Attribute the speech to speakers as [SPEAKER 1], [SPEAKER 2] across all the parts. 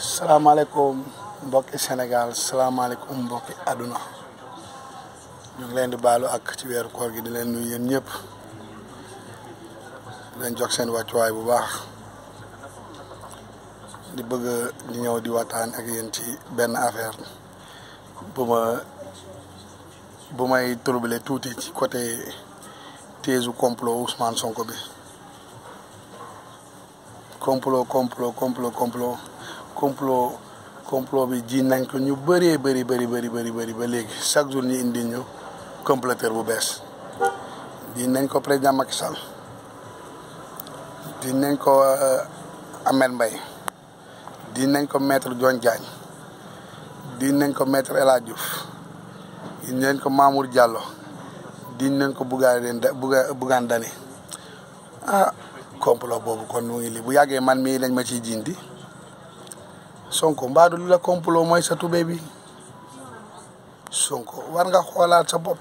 [SPEAKER 1] salaamaaleykum mbokki Sénégal salaamaaleykum mbokki àdduna ñu ngi leen di baalu ak ci weeru koor gi di leen nuyu yéen ñëpp di jox seen wàccuwaay bu baax di bëgg di ñëw di waxtaan ak yéen ci benn affaire bu ma bu may troublé tuuti ci côté teesu complot Ousmane Sonko bi complot complot complot complot complot complot bi ji nañ ko ñu bëree bari bari bëri bëri ba léegi chaque jour ñu indi ñu comploteur bu bees ji nañ ko président Macky Sall di nañ ko euh, Ahmed mbay di nañ ko metre Dione Diagne di nañ ko maître El Hadj nañ ko Mamour jàllo di nañ ko Bougane Bougane Dany ah complot boobu kon mu ngi lii bu yàggee man mii nañ ma ciy jiindi Sonko mbaadu lu la complot mooy sa tubéy bi Sonko war nga xoolaat sa bopp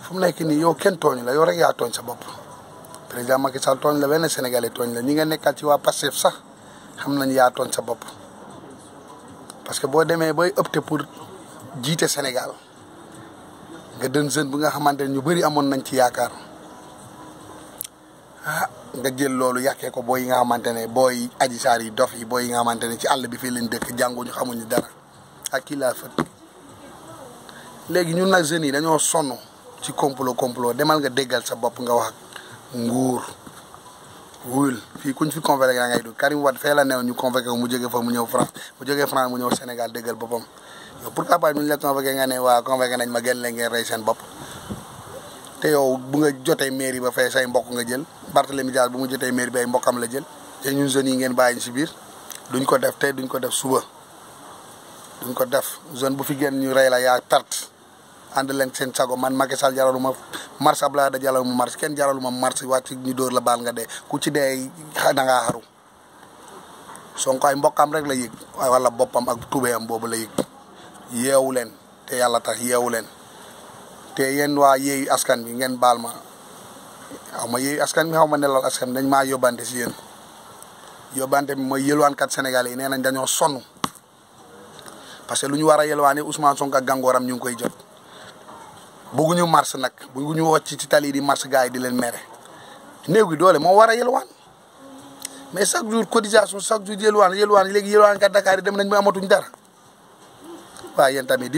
[SPEAKER 1] fu nekk nii yow kenn tooñ la yow rek yaa tooñ sa bopp président Macky Sall tooñ la benn sénégalais tooñ la ñi nga nekkaat ci waa Pastef sax xam nañ yaa tooñ sa bopp parce que boo demee bay opté pour jiite Sénégal nga dën jeune bu nga xamante ne ñu bëri amoon nañ ci yaakaar. ah nga jël loolu yàqee ko boo yi nga xamante ne booy aji saar yi dof yi booy yi nga xamante ne ci àll bi fii leen dëkk ñu xamuñu dara ak kii laa fët léegi ñun nag jeunes yi dañoo sonn ci complot complot demal nga déggal sa bopp nga wax ak nguur wuyul fii kuñ fi convoqué ngay du Karim Wade la neew ñu convoqué mu jógee fa mu ñëw France mu mu ñëw Sénégal déggal boppam yow pourquoi pas ñu la ne waa convoqué nañ ma gën leen ngeen rey seen bopp te yow bu nga jotee mairie ba fee say mbokk nga jël Barthélemy Dias bu mu jotee mairie ba ay mbokkam la jël te ñun jeunes yi ngeen bàyyi si biir duñ ko def te duñ ko def suba duñ ko def jeune bu fi génn ñu rey la yaa tart ànd leen seen sago man Macky Sall jaralu ma marche Abdoulaye da jaralu ma marche kenn jaralu ma marche wàcc ñu dóor la baal nga de ku ci dee da ngaa xaru Sonko ay mbokkam rek la yëg wala boppam ak tubéyam boobu la yëg yeewu leen te yàlla tax yeewu leen te yéen waa yeeyu askan bi ngeen baal ma xaw ma yeeyu askan bi xaw ma nelal askan bi dañ maa yóbbante si yéen yóbbante bi mooy yëlwaankat Sénégalais yi nee nañ dañoo sonn parce que lu ñu war a yëlwaane Ousmane Sonko ak gàngooram ñu ngi koy jot bëgguñu mars nag bëgguñu wàcc ci tali di mars gars yi di leen mere néew doole moo war a yëlwaan mais chaque jour cotisation chaque jour yëlwaan yëlwaan léegi yëlwaankat Dakar yi dem nañ ba amatuñ dara waaye yéen tamit